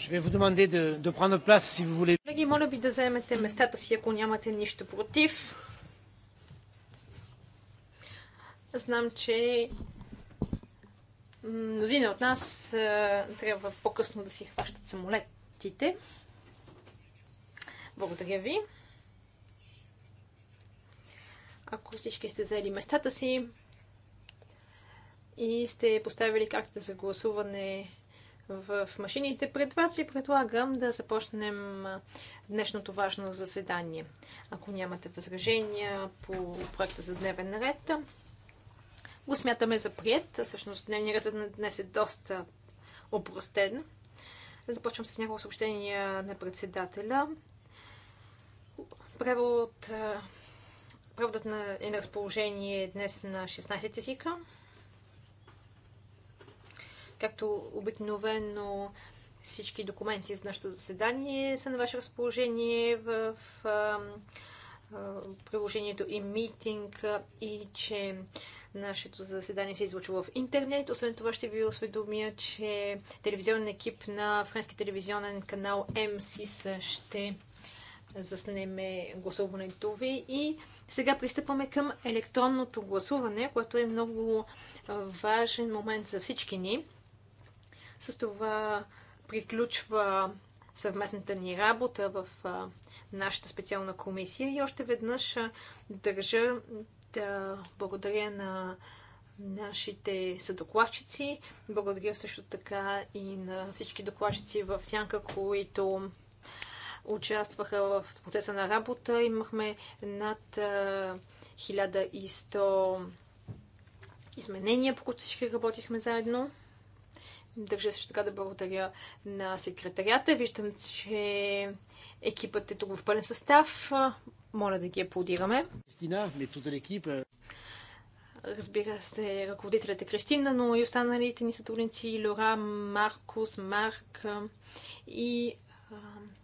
Ще ви Колеги, моля ви да заемете местата си, ако нямате нищо против. Знам, че мнозина от нас е, трябва по-късно да си хващат самолетите. Благодаря ви. Ако всички сте заели местата си и сте поставили карта за гласуване в машините пред вас, ви предлагам да започнем днешното важно заседание. Ако нямате възражения по проекта за дневен ред, го смятаме за прият. Всъщност дневният ред за днес е доста опростен. Започвам с няколко съобщения на председателя. Превод, преводът на, е на разположение днес на 16 езика. Както обикновено всички документи за нашето заседание са на ваше разположение в приложението и митинг и че нашето заседание се излучва в интернет. Освен това ще ви осведомя, че телевизионен екип на френски телевизионен канал МСИС ще заснеме гласуването ви. И сега пристъпваме към електронното гласуване, което е много важен момент за всички ни. С това приключва съвместната ни работа в нашата специална комисия и още веднъж държа да благодаря на нашите съдокладчици. Благодаря също така и на всички докладчици в Сянка, които участваха в процеса на работа. Имахме над 1100 изменения, по които всички работихме заедно. Държа също така да благодаря на секретарията. Виждам, че екипът е тук в пълен състав. Моля да ги аплодираме. Кристина, на екипа. Е- Разбира се, ръководителят е Кристина, но и останалите ни сътрудници Лора, Маркус, Марк и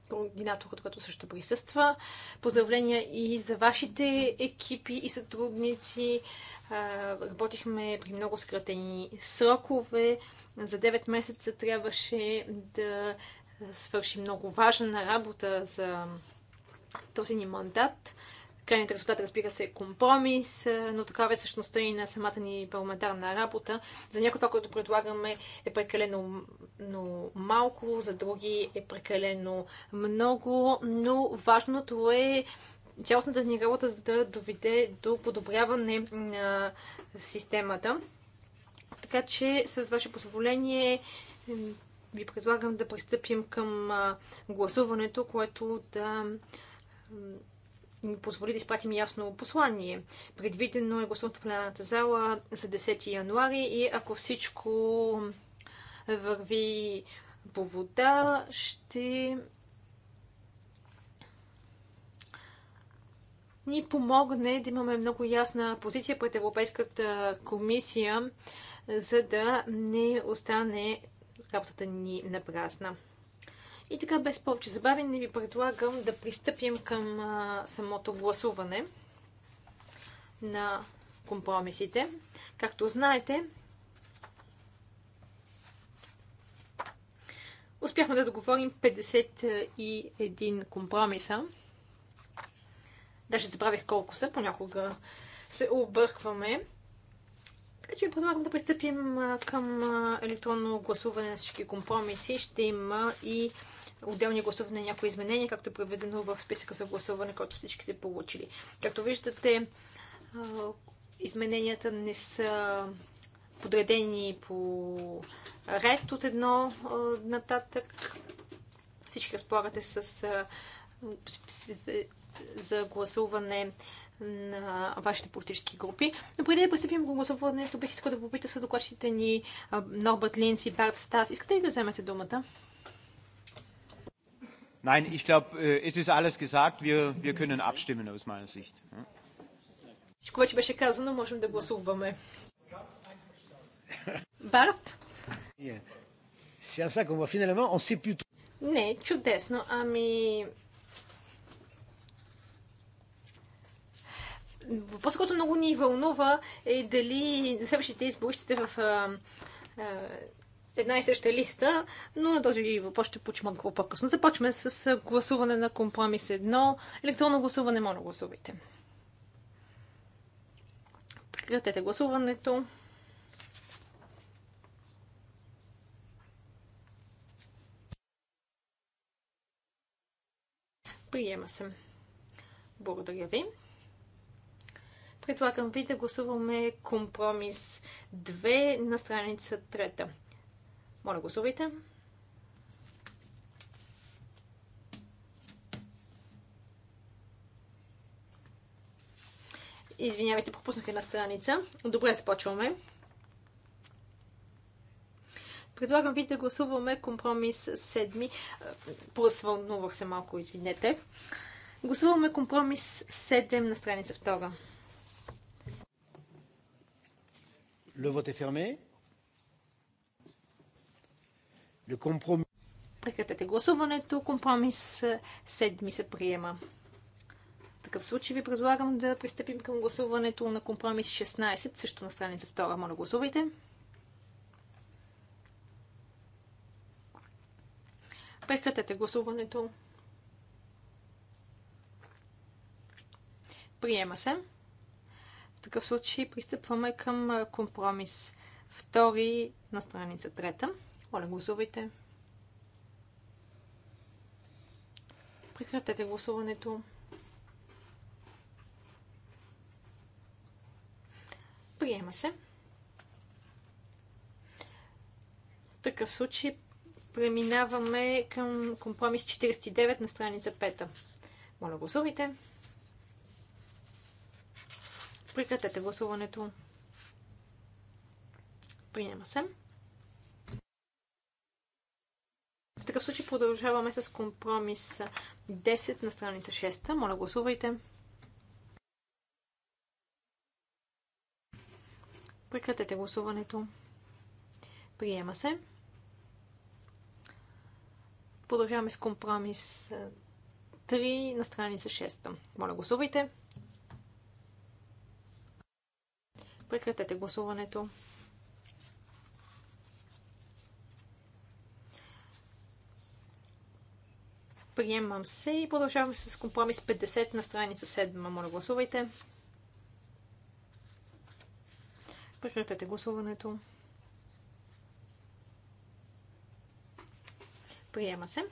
координаторът, който също присъства. Поздравления и за вашите екипи и сътрудници. Работихме при много скратени срокове. За 9 месеца трябваше да свърши много важна работа за този ни мандат. Крайният резултат, разбира се, е компромис, е, но такава е същността и на самата ни парламентарна работа. За някои това, което предлагаме, е прекалено но малко, за други е прекалено много, но важното е цялостната ни работа да доведе до подобряване на системата. Така че, с ваше позволение, ви предлагам да пристъпим към гласуването, което да ни позволи да изпратим ясно послание. Предвидено е гласуването в пленарната зала за 10 януари и ако всичко върви по вода, ще ни помогне да имаме много ясна позиция пред Европейската комисия, за да не остане работата ни напрасна. И така, без повече не ви предлагам да пристъпим към а, самото гласуване на компромисите. Както знаете, успяхме да договорим 51 компромиса. Даже забравих колко са, понякога се объркваме. Така че ви предлагам да пристъпим към електронно гласуване на всички компромиси. Ще има и отделни гласуване на някои изменения, както е проведено в списъка за гласуване, който всички сте получили. Както виждате, измененията не са подредени по ред от едно нататък. Всички разполагате с за гласуване на вашите политически групи. Но преди да пристъпим към гласуването, бих искал да попита с докладчите ни Норбът Линс и Барт Стас. Искате ли да вземете думата? Nein, ich glaube, äh, es ist alles gesagt. Wir, wir können abstimmen aus meiner Sicht. Всичко вече Не, чудесно. Ами, Въпросът, който много ни вълнува е дали следващите избори ще сте в а, една и съща листа, но на този въпрос ще почвам малко по-късно. Започваме с гласуване на компромис 1. Електронно гласуване, моля гласувайте. Прекратете гласуването. Приема се. Благодаря ви. Предлагам ви да гласуваме компромис 2 на страница 3. Моля, гласувайте. Извинявайте, пропуснах една страница. Добре, започваме. Предлагам ви да гласуваме компромис 7. Просвълнувах се малко, извинете. Гласуваме компромис 7 на страница 2. Le vote est fermé. Прекратете гласуването. Компромис 7 е, се приема. В такъв случай ви предлагам да пристъпим към гласуването на компромис 16, също на страница 2. Моля, гласувайте. Прекратете гласуването. Приема се. В такъв случай пристъпваме към е, компромис 2 на страница 3. Моля, гласувайте. Прекратете гласуването. Приема се. В такъв случай преминаваме към компромис 49 на страница 5. Моля, гласувайте. Прекратете гласуването. Приема се. В такъв случай продължаваме с компромис 10 на страница 6. Моля, гласувайте. Прекратете гласуването. Приема се. Продължаваме с компромис 3 на страница 6. Моля, гласувайте. Прекратете гласуването. Приемам се и продължаваме с компромис 50 на страница 7. Моля, гласувайте. Прекратете гласуването. Приема се.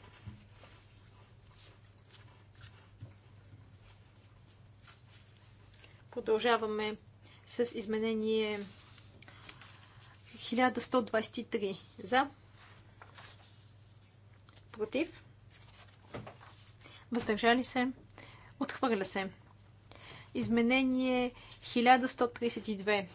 Продължаваме с изменение 1123 за против въздържали се, отхвърля се. Изменение 1132.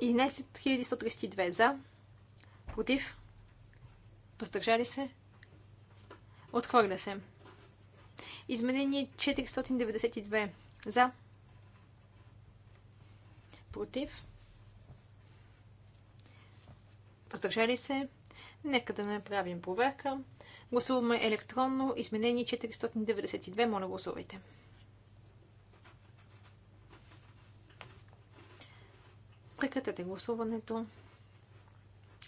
И 1132 за, против, въздържали се, отхвърля се. Изменение 492 за, против, Въздържали се? Нека да направим проверка. Гласуваме електронно изменение 492. Моля, гласувайте. Прекратете гласуването.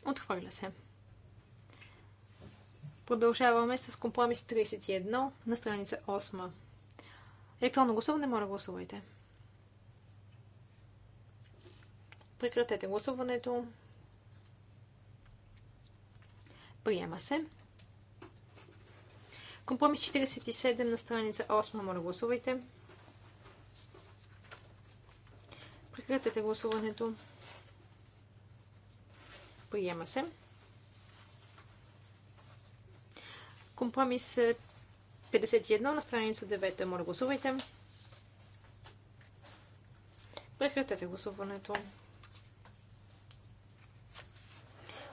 Отхвърля се. Продължаваме с компромис 31 на страница 8. Електронно гласуване, моля гласувайте. Прекратете гласуването. Приема се. Компромис 47 на страница 8. Моля гласувайте. Прекратете гласуването. Приема се. Компромис 51 на страница 9. Моля гласувайте. Прекратете гласуването.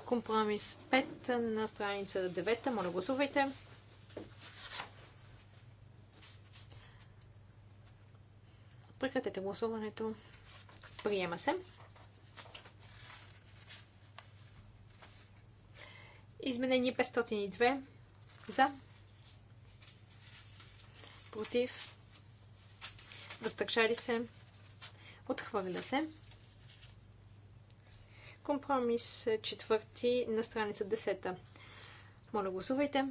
Компромис 5 на страница 9. Моля, гласувайте. Прекратете гласуването. Приема се. Изменение 502 за против въздържали се отхвърля се. Компромис четвърти на страница 10. Моля, гласувайте.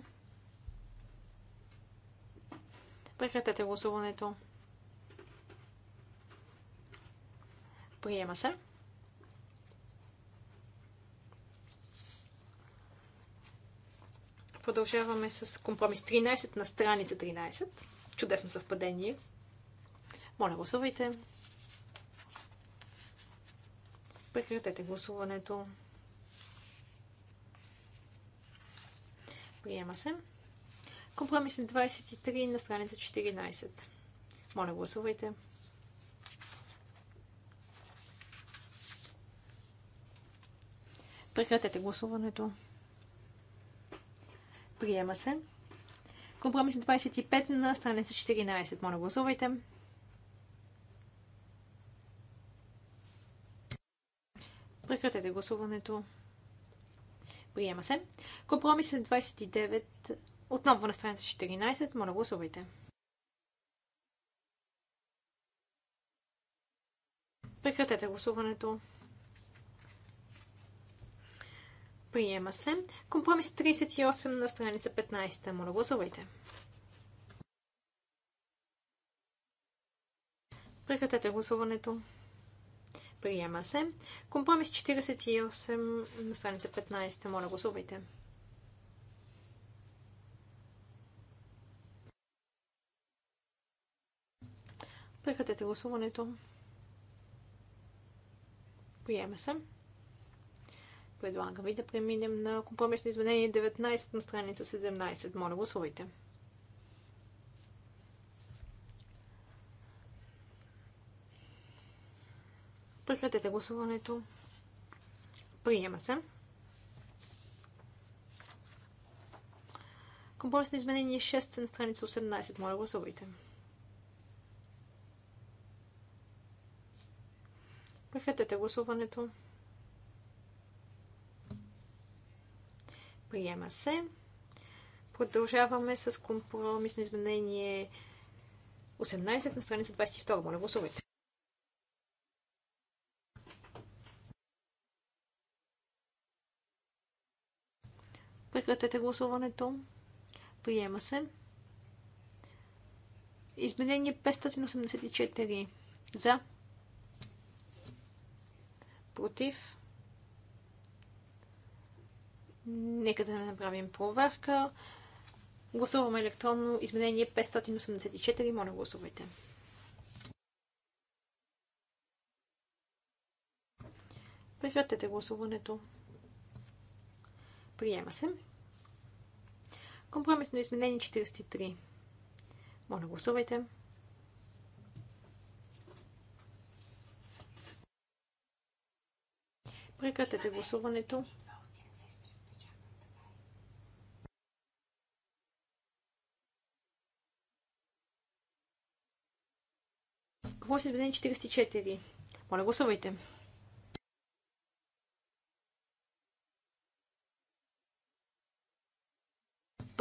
Прекратете гласуването. Приема се. Продължаваме с компромис 13 на страница 13. Чудесно съвпадение. Моля, гласувайте. Прекратете гласуването. Приема се. Компромис 23 на страница 14. Моля, гласувайте. Прекратете гласуването. Приема се. Компромис 25 на страница 14. Моля, гласувайте. Прекратете гласуването. Приема се. е 29. Отново на страница 14. Моля, гласувайте. Прекратете гласуването. Приема се. Компромис 38 на страница 15. Моля, гласувайте. Прекратете гласуването. Приема се. Компромис 48 на страница 15. Моля, гласувайте. Прекратете гласуването. Приема се. Предлагам ви да преминем на компромисно изменение 19 на страница 17. Моля, гласувайте. Прекратете гласуването. Приема се. Компромисно изменение 6 на страница 18. Моля, гласувайте. Прекратете гласуването. Приема се. Продължаваме с компромисно изменение 18 на страница 22. Моля, гласувайте. Прекратете гласуването. Приема се. Изменение 584. За. Против. Нека да не направим проверка. Гласуваме електронно изменение 584. Моля, гласувайте. Прекратете гласуването. Приема се. Компромисно изменение 43. Моля, гласувайте. Прекратете гласуването. Компромисно изменение 44? Моля, гласувайте.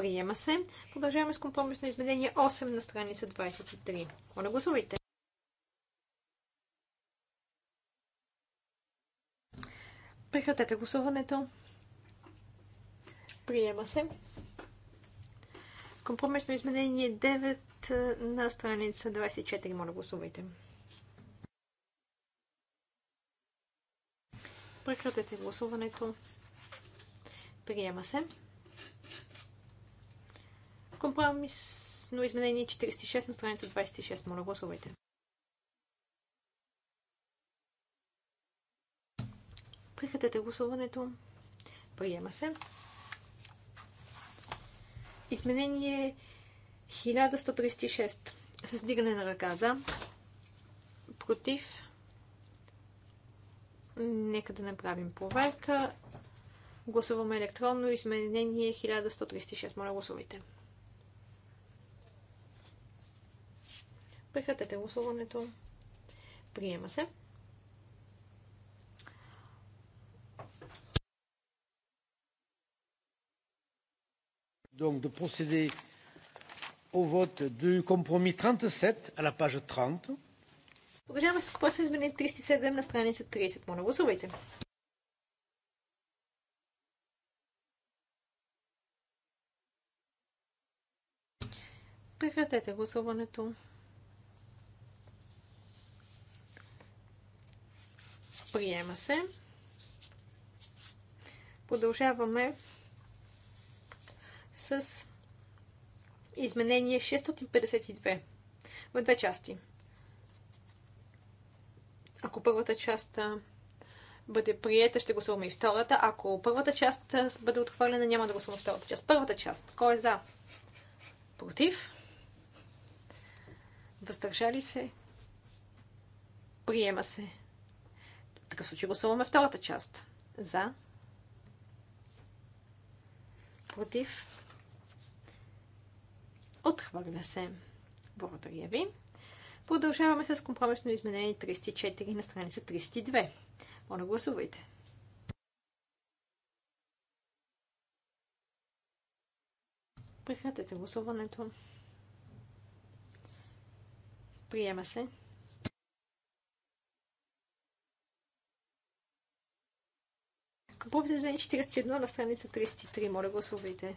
Приема се. Продължаваме с компромисно изменение 8 на страница 23. Моля гласувайте. Прекратете гласуването. Приема се. Компромисно изменение 9 на страница 24. Моля гласувайте. Прекратете гласуването. Приема се. Компромисно изменение 46 на страница 26. Моля, гласувайте. Прекратете гласуването. Приема се. Изменение 1136. С дигане на ръка за. Против. Нека да направим проверка. Гласуваме електронно изменение 1136. Моля, гласувайте. Прекратете гласуването. Приема се. Donc de procéder au vote du compromis 37 à la page 30. Продължаваме с какво се измени 37 на страница 30. Моля, гласувайте. Прекратете гласуването. Приема се. Продължаваме с изменение 652 в две части. Ако първата част бъде приета, ще гласуваме и втората. Ако първата част бъде отхвърлена, няма да гласуваме втората част. Първата част. Кой е за? Против? Въздържали се? Приема се такъв случай гласуваме втората част. За. Против. Отхвърля се. Благодаря ви. Продължаваме с компромисно изменение 34 на страница 32. Моля, гласувайте. Прекратете гласуването. Приема се. Какво е 41 на страница 33? Моля, гласувайте.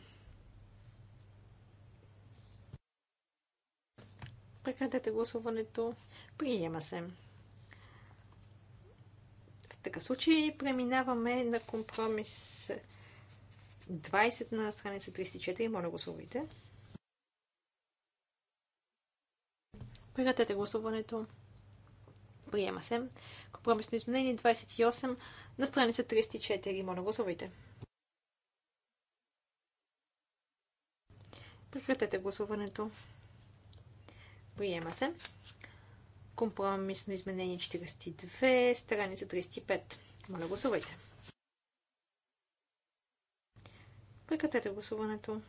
Прекратете гласуването. Приема се. В такъв случай преминаваме на компромис 20 на страница 34. Моля, гласувайте. Прекратете гласуването. Приема се. Компромисно изменение 28 на страница 34. Моля, гласувайте. Прекратете гласуването. Приема се. Компромисно изменение 42, страница 35. Моля, гласувайте. Прекратете гласуването.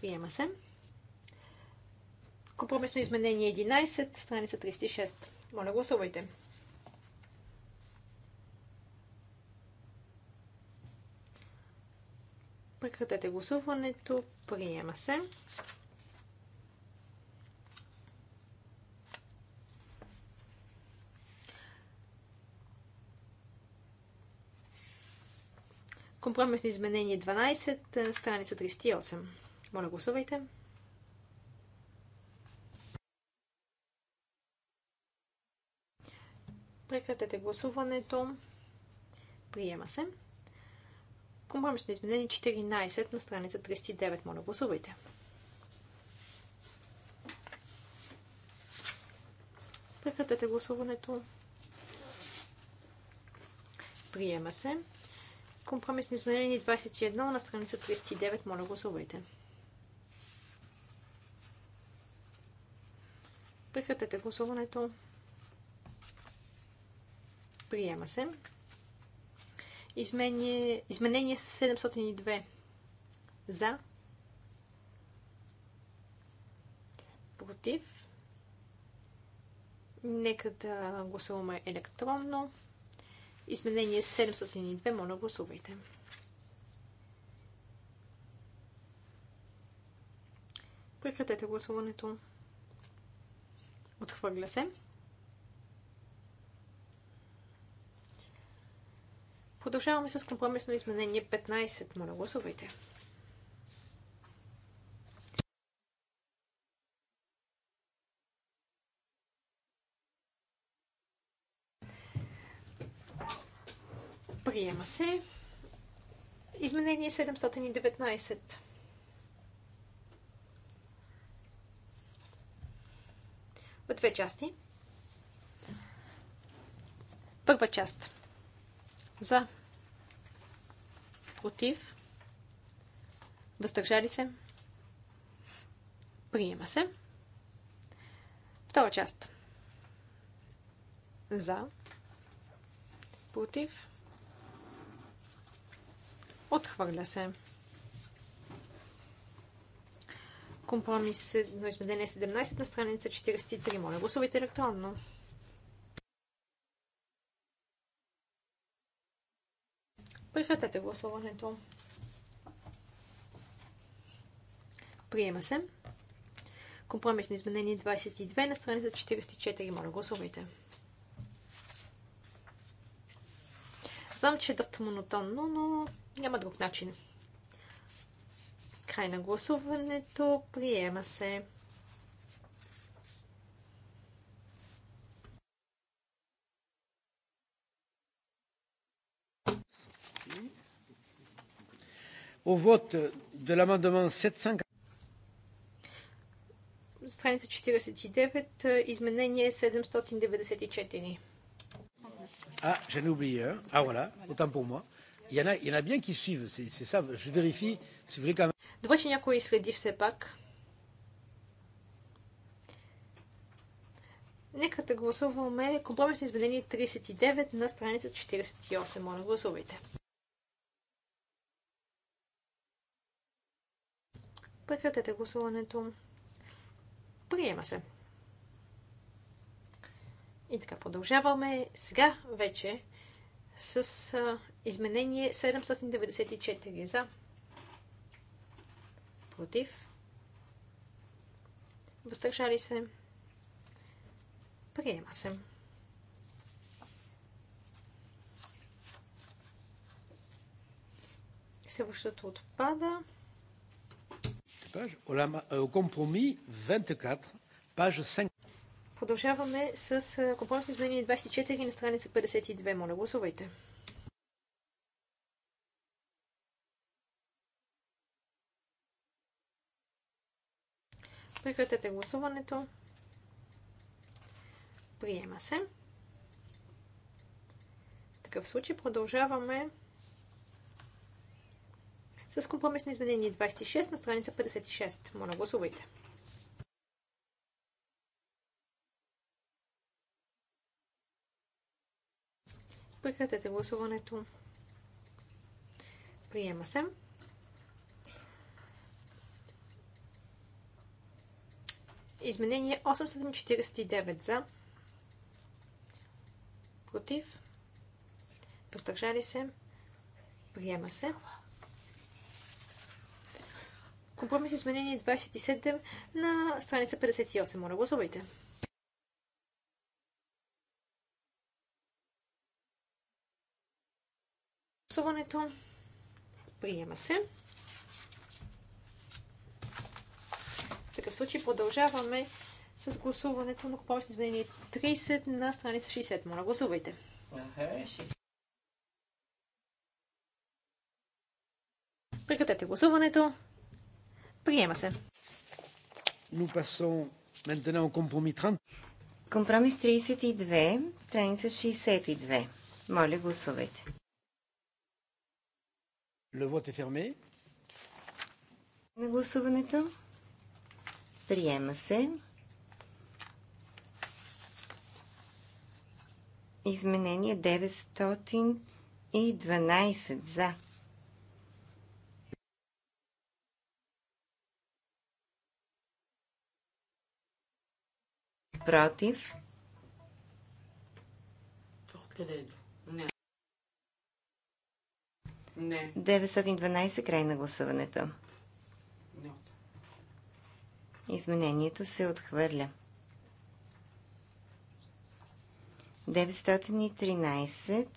Приема се. Компромисно изменение 11, страница 36. Моля, гласувайте. Прекратете гласуването. Приема се. Компромисно изменение 12, страница 38. Моля, гласувайте. Прекратете гласуването. Приема се. Компромисно изменение 14 на страница 39. Моля, гласувайте. Прекратете гласуването. Приема се. Компромисно изменение 21 на страница 39. Моля, гласувайте. Прекратете гласуването. Приема се. Изменение, изменение 702. За. Против. Нека да гласуваме електронно. Изменение 702. Моля, гласувайте. Прекратете гласуването. Отхвърля се. Продължаваме с компромисно изменение 15. Моля, гласувайте. Приема се. Изменение 719. В две части. Първа част. За. Против. Въздържали се. Приема се. Втора част. За. Против. Отхвърля се. Компромис на изменение 17 на страница 43. Моля, гласувайте електронно. Прекратете гласуването. Приема се. Компромисно изменение 22 на страница 44. Моля, гласувайте. Знам, че е доста монотонно, но няма друг начин. Край на гласуването. Приема се. Au vote de l'amendement 740. Страница 49, изменение 794. Ah, j'en ai oublié un. Ah voilà, autant pour moi. Il y en a, il y en a bien qui suivent, c'est ça. Je vérifie si vous voulez quand même. Добре, някой следи все пак. Нека да гласуваме компромисно изменение 39 на страница 48. Моля, гласувайте. Прекратете гласуването. Приема се. И така продължаваме сега вече с а, изменение 794 за против въздържали се приема се Следващото отпада page, au 24, euh, page 5. Продължаваме с е, компромисно изменение 24 на страница 52. Моля, гласувайте. Прекратете гласуването. Приема се. В такъв случай продължаваме с компромисно изменение 26 на страница 56. Моля, гласувайте. Прекратете гласуването. Приема се. Изменение 849 за. Против. Въздържали се. Приема се. Компромис изменение 27 на страница 58. Моля, гласувайте. Гласуването приема се. В такъв случай продължаваме с гласуването на компромис изменение 30 на страница 60. Моля, гласувайте. Прекратете гласуването. Приема се. Компромис 32, страница 62. Моля, гласувайте. Le vote est fermé. На гласуването. Приема се. Изменение 912 за. против. Откъде идва? Не. Не. 912 край на гласуването. Изменението се отхвърля. 913,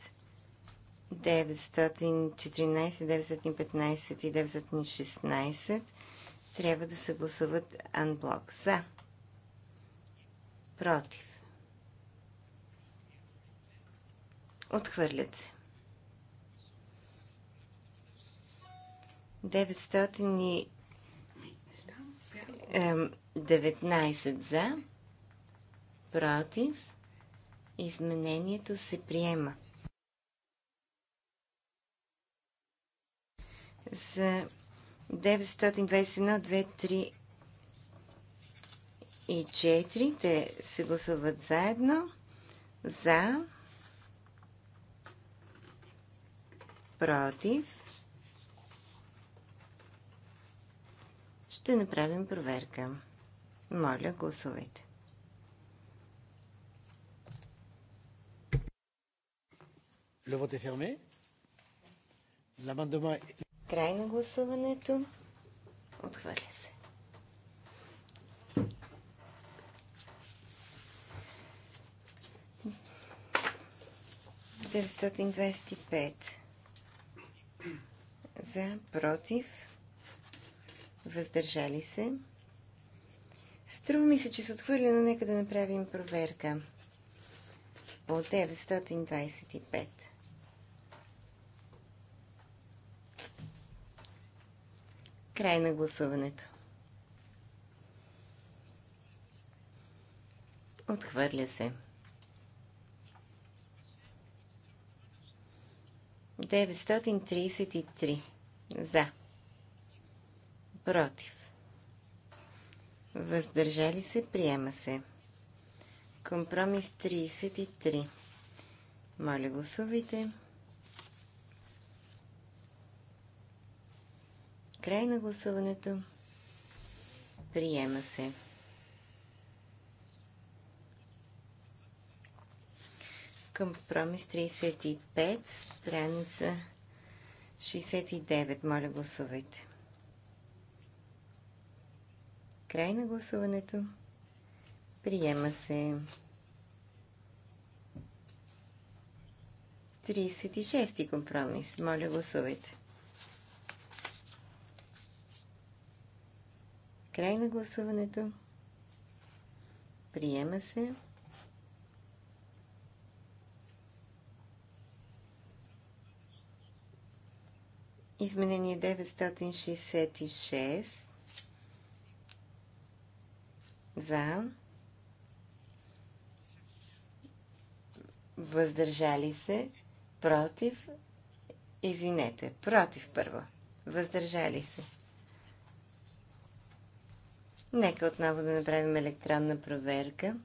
914, 915 и 916 трябва да се гласуват анблок за против. Отхвърлят се. 919 за, против, изменението се приема. За 921, 2, 3, и 4. Те се гласуват заедно. За. Против. Ще направим проверка. Моля, гласувайте. Край на гласуването. Отхвърля се. 925 за, против, въздържали се. Струва ми се, че се отхвърли, но нека да направим проверка. По 925. Край на гласуването. Отхвърля се. 933 за. Против. Въздържали се, приема се. Компромис 33. Моля, гласувайте. Край на гласуването. Приема се. Компромис 35, страница 69. Моля, гласувайте. Край на гласуването. Приема се. 36 компромис. Моля, гласувайте. Край на гласуването. Приема се. Изменение 966. За. Въздържали се. Против. Извинете. Против първо. Въздържали се. Нека отново да направим електронна проверка.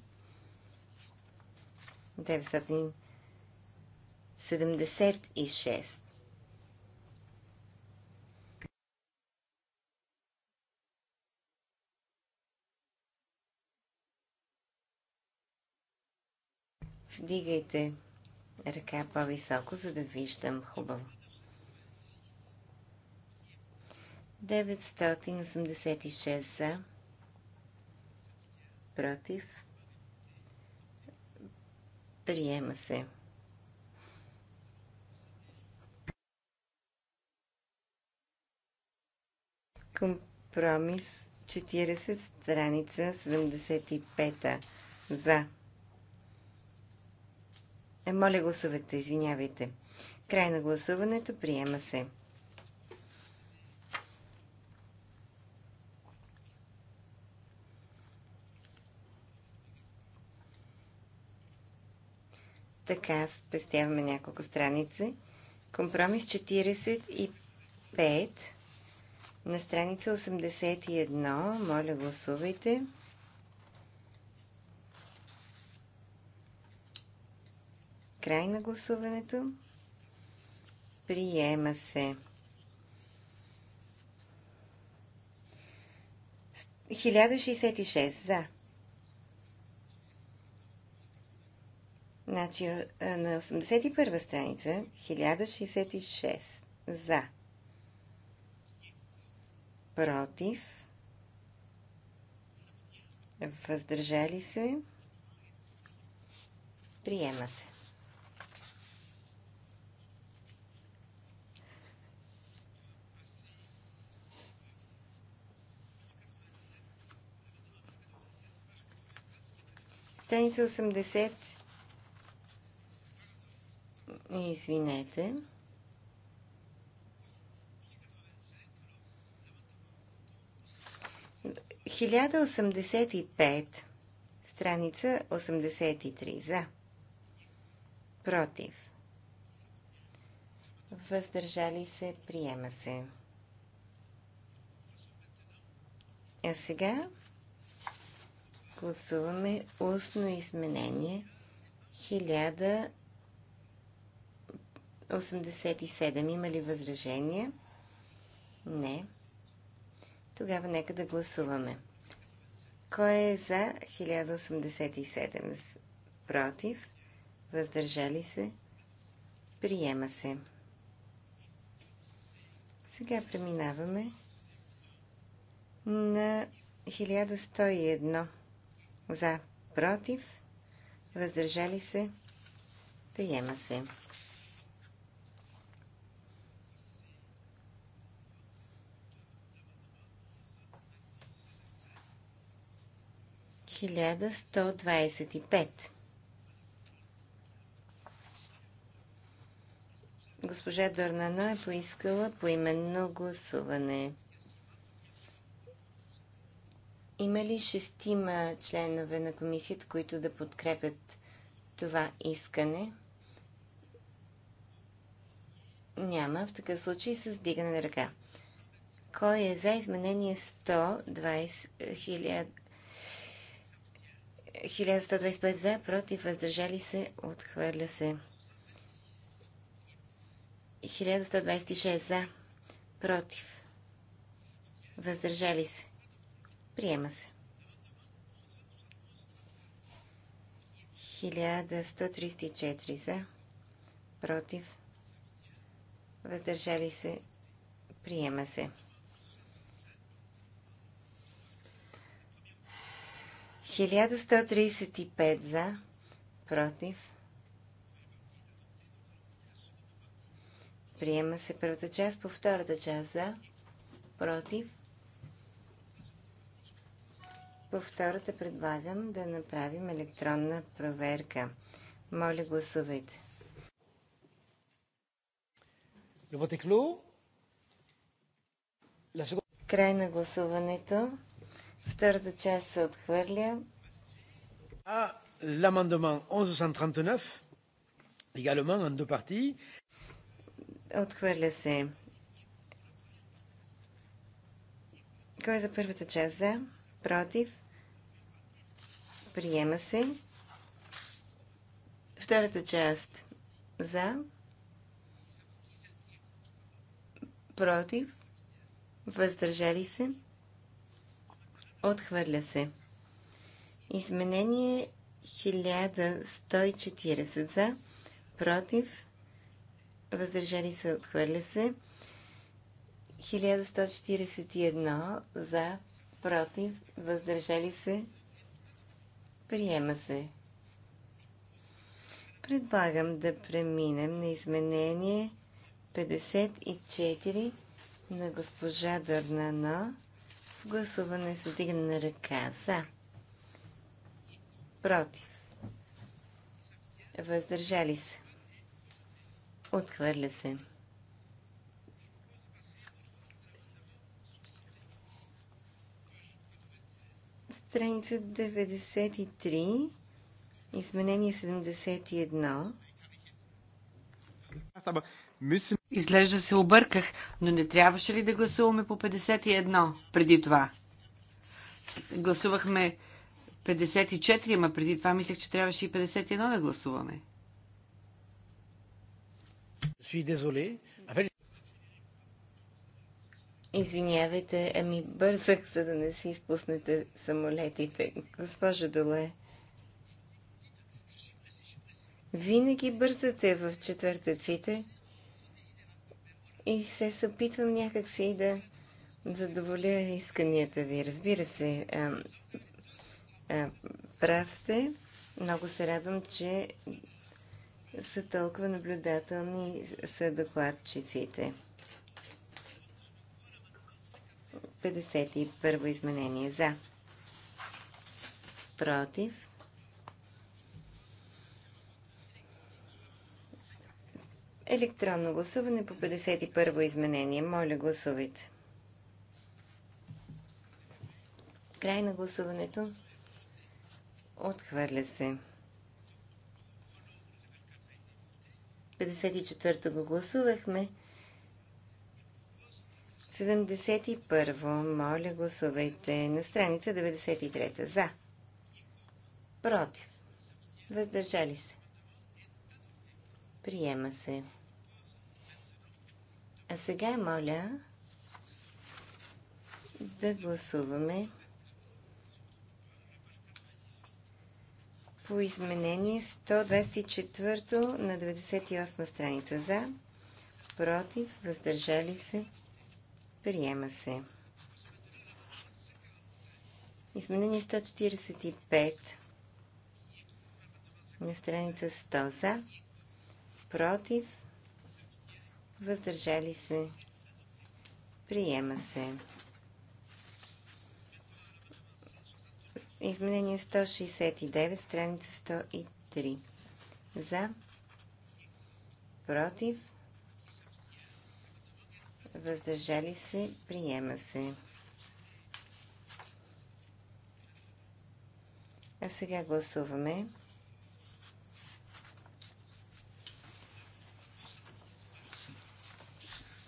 976. Вдигайте ръка по-високо, за да виждам хубаво. 986 за. Против. Приема се. Компромис 40, страница 75 за. Е, моля гласувате, извинявайте. Край на гласуването. Приема се. Така спестяваме няколко страници. Компромис 45 на страница 81. Моля, гласувайте. Край на гласуването. Приема се. 1066 за. Значи на 81 страница 1066 за. Против. Въздържали се. Приема се. Страница 80. Извинете. Хиляда осемдесет и пет. Страница 83. За. Против. Въздържали се. Приема се. А сега Гласуваме устно изменение 1087. Има ли възражения? Не. Тогава нека да гласуваме. Кой е за 1087? Против? Въздържали се? Приема се. Сега преминаваме на 1101. За, против, въздържали се, приема се. Хиляда сто двадесет и пет. Госпожа Дорнано е поискала поименно гласуване. Има ли шестима членове на комисията, които да подкрепят това искане? Няма. В такъв случай с дигане на ръка. Кой е за изменение 120 1125 за, против, въздържали се, отхвърля се. 1126 за, против, въздържали се, Приема се. 1134 за. Против. Въздържали се. Приема се. 1135 за. Против. Приема се първата част по втората част за. Против. По втората предлагам да направим електронна проверка. Моля, гласувайте. Край на гласуването. Втората част се отхвърля. А l'amendement 1139, également en deux parties. Отхвърля се. Кой е за първата част? За? против, приема се. Втората част за, против, въздържали се, отхвърля се. Изменение 1140 за, против, въздържали се, отхвърля се. 1141 за, против, въздържали се, приема се. Предлагам да преминем на изменение 54 на госпожа Дърнана в гласуване с дигане на ръка за, против, въздържали се, отхвърля се. страница 93, изменение 71. Изглежда се обърках, но не трябваше ли да гласуваме по 51 преди това? Гласувахме 54, ама преди това мислех, че трябваше и 51 да гласуваме. Извинявайте, ами бързах, за да не си изпуснете самолетите. Госпожо Доле, винаги бързате в четвъртъците и се съпитвам някакси някакси да задоволя исканията ви. Разбира се, а, а, прав сте. Много се радвам, че са толкова наблюдателни са докладчиците. 51 изменение за. Против. Електронно гласуване по 51 изменение. Моля, гласувайте. Край на гласуването. Отхвърля се. 54 го гласувахме. 71. Моля, гласувайте на страница 93. За. Против. Въздържали се. Приема се. А сега моля да гласуваме по изменение 124 на 98 страница за, против, въздържали се, Приема се. Изменение 145 на страница 100 за, против, въздържали се, приема се. Изменение 169, страница 103 за, против, въздържали се, приема се. А сега гласуваме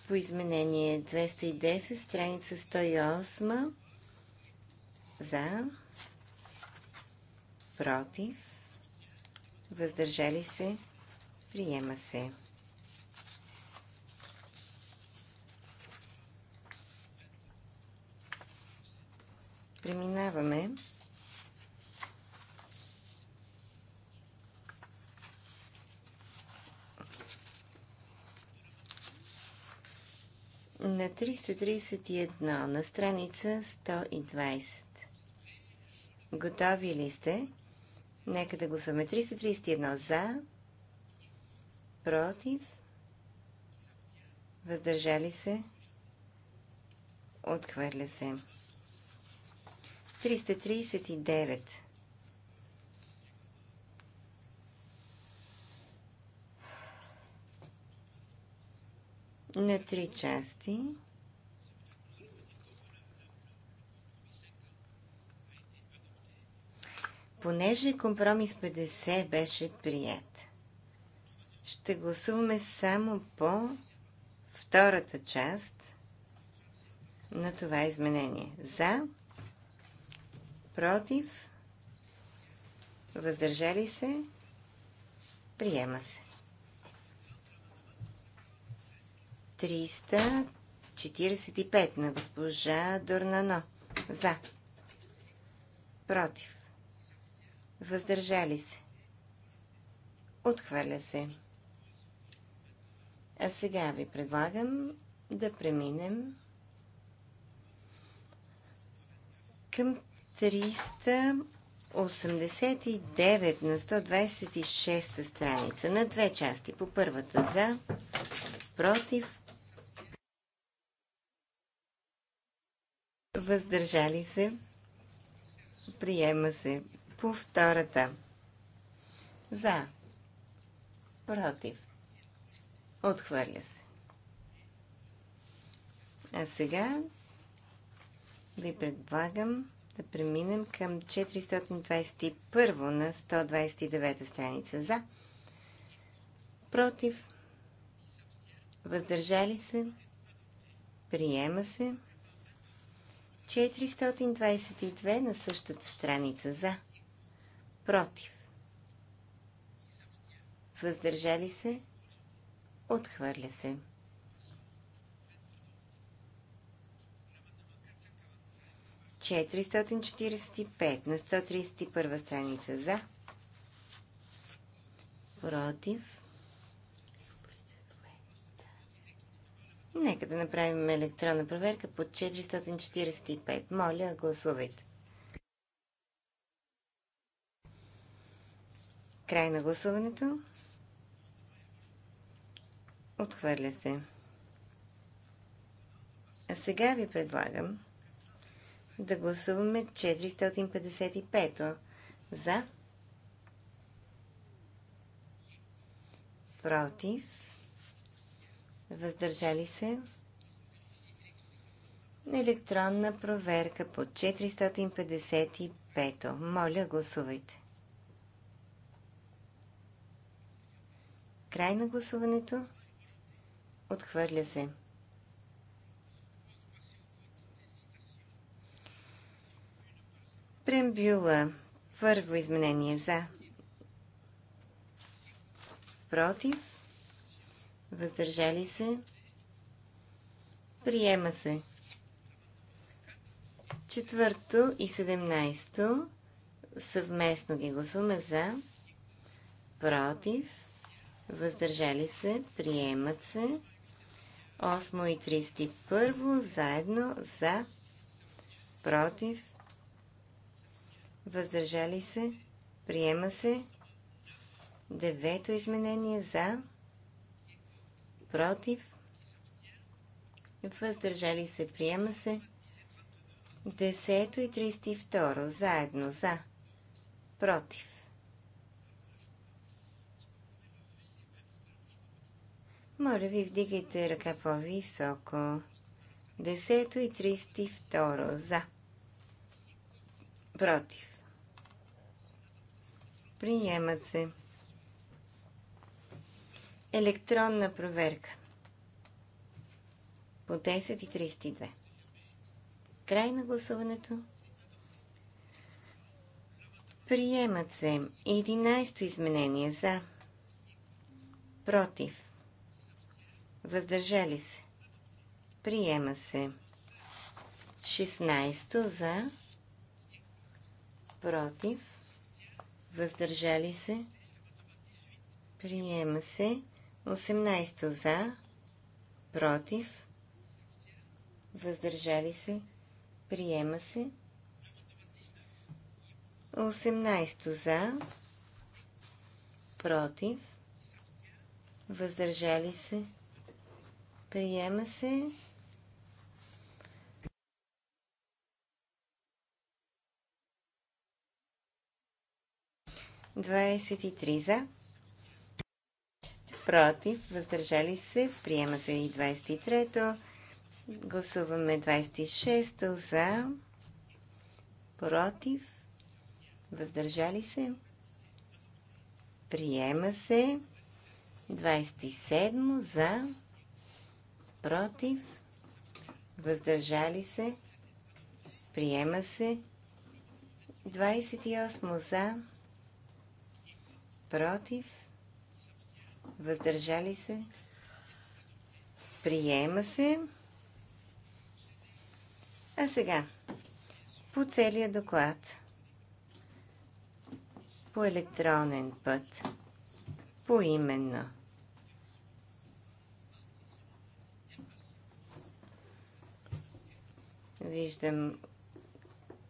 по изменение 210, страница 108, за, против, въздържали се, приема се. Преминаваме на 331 на страница 120. Готови ли сте? Нека да гласуваме 331 за, против, въздържали се, отхвърля се. 339. На три части. Понеже компромис 50 беше прият, ще гласуваме само по втората част на това изменение. За против, въздържали се, приема се. 345 на госпожа Дорнано. За. Против. Въздържали се. Отхвърля се. А сега ви предлагам да преминем към 389 на 126 страница на две части. По първата за, против, въздържали се, приема се. По втората за, против, отхвърля се. А сега ви предлагам да преминем към 421 на 129 страница за, против, въздържали се, приема се, 422 на същата страница за, против, въздържали се, отхвърля се. 445 на 131 страница за. Против. Нека да направим електронна проверка под 445. Моля, гласувайте. Край на гласуването. Отхвърля се. А сега ви предлагам да гласуваме 455 за, против, въздържали се, електронна проверка по 455. то Моля, гласувайте. Край на гласуването. Отхвърля се. Прембюла. Първо изменение за. Против. Въздържали се. Приема се. Четвърто и седемнайсто. Съвместно ги гласуваме за. Против. Въздържали се. Приемат се. Осмо и 31 заедно за. Против въздържали се, приема се. Девето изменение за, против, въздържали се, приема се. Десето и 32 заедно за, против. Моля ви, вдигайте ръка по-високо. Десето и 32 за. Против. Приемат се. Електронна проверка. По 10.32. Край на гласуването. Приемат се 11 изменение за. Против. Въздържали се. Приема се. 16 за. Против въздържали се, приема се. 18 за, против, въздържали се, приема се. 18 за, против, въздържали се, приема се. 23 за. Против. Въздържали се. Приема се и 23-то. Гласуваме 26-то за. Против. Въздържали се. Приема се. 27 за. Против. Въздържали се. Приема се. 28 за против, въздържали се, приема се. А сега, по целия доклад, по електронен път, поименно. Виждам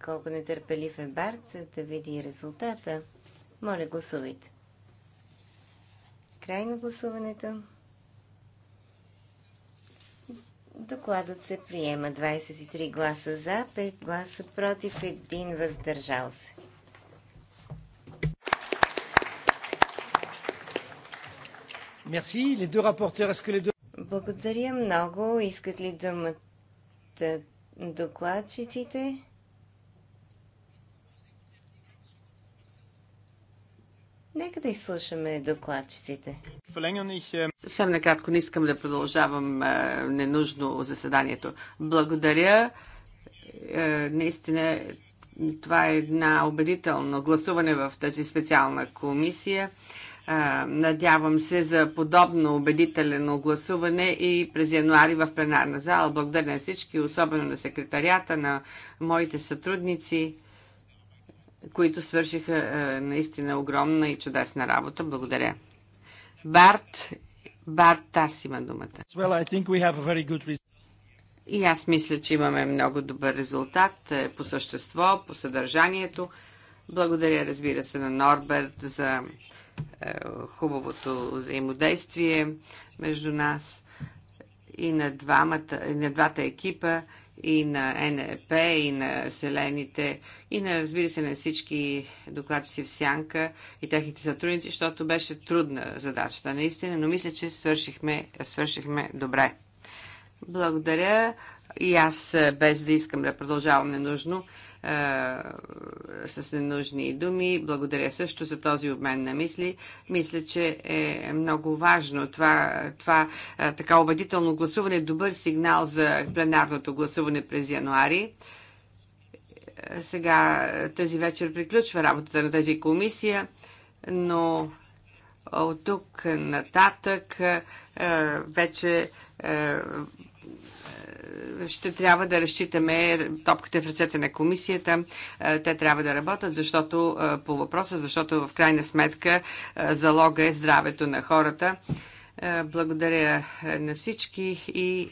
колко нетърпелив е Барт, да види резултата. Моля, гласувайте. Край на гласуването. Докладът се приема 23 гласа за, 5 гласа против, 1 въздържал се. Merci. Les deux rapporteurs, est-ce que les deux... Благодаря много. Искат ли да докладчиците? Нека да изслушаме докладчиците. Съвсем накратко не искам да продължавам е, ненужно заседанието. Благодаря. Е, наистина това е една убедително гласуване в тази специална комисия. Е, надявам се за подобно убедително гласуване и през януари в пленарна зала. Благодаря на всички, особено на секретарията, на моите сътрудници които свършиха е, наистина огромна и чудесна работа. Благодаря. Барт, Барт, Тас има думата. Well, I think we have a very good и аз мисля, че имаме много добър резултат е, по същество, по съдържанието. Благодаря, разбира се, на Норберт за е, хубавото взаимодействие между нас и на, двамата, и на двата екипа и на НЕП, и на селените, и на, разбира се, на всички докладчици в Сянка и техните сътрудници, защото беше трудна задачата, наистина, но мисля, че свършихме, свършихме добре. Благодаря и аз, без да искам да продължавам ненужно, с ненужни думи. Благодаря също за този обмен на мисли. Мисля, че е много важно това, това така убедително гласуване, добър сигнал за пленарното гласуване през януари сега тази вечер приключва работата на тази комисия, но от тук нататък вече ще трябва да разчитаме топката в ръцете на комисията. Е, те трябва да работят защото, е, по въпроса, защото в крайна сметка е, залога е здравето на хората. Благодаря на всички и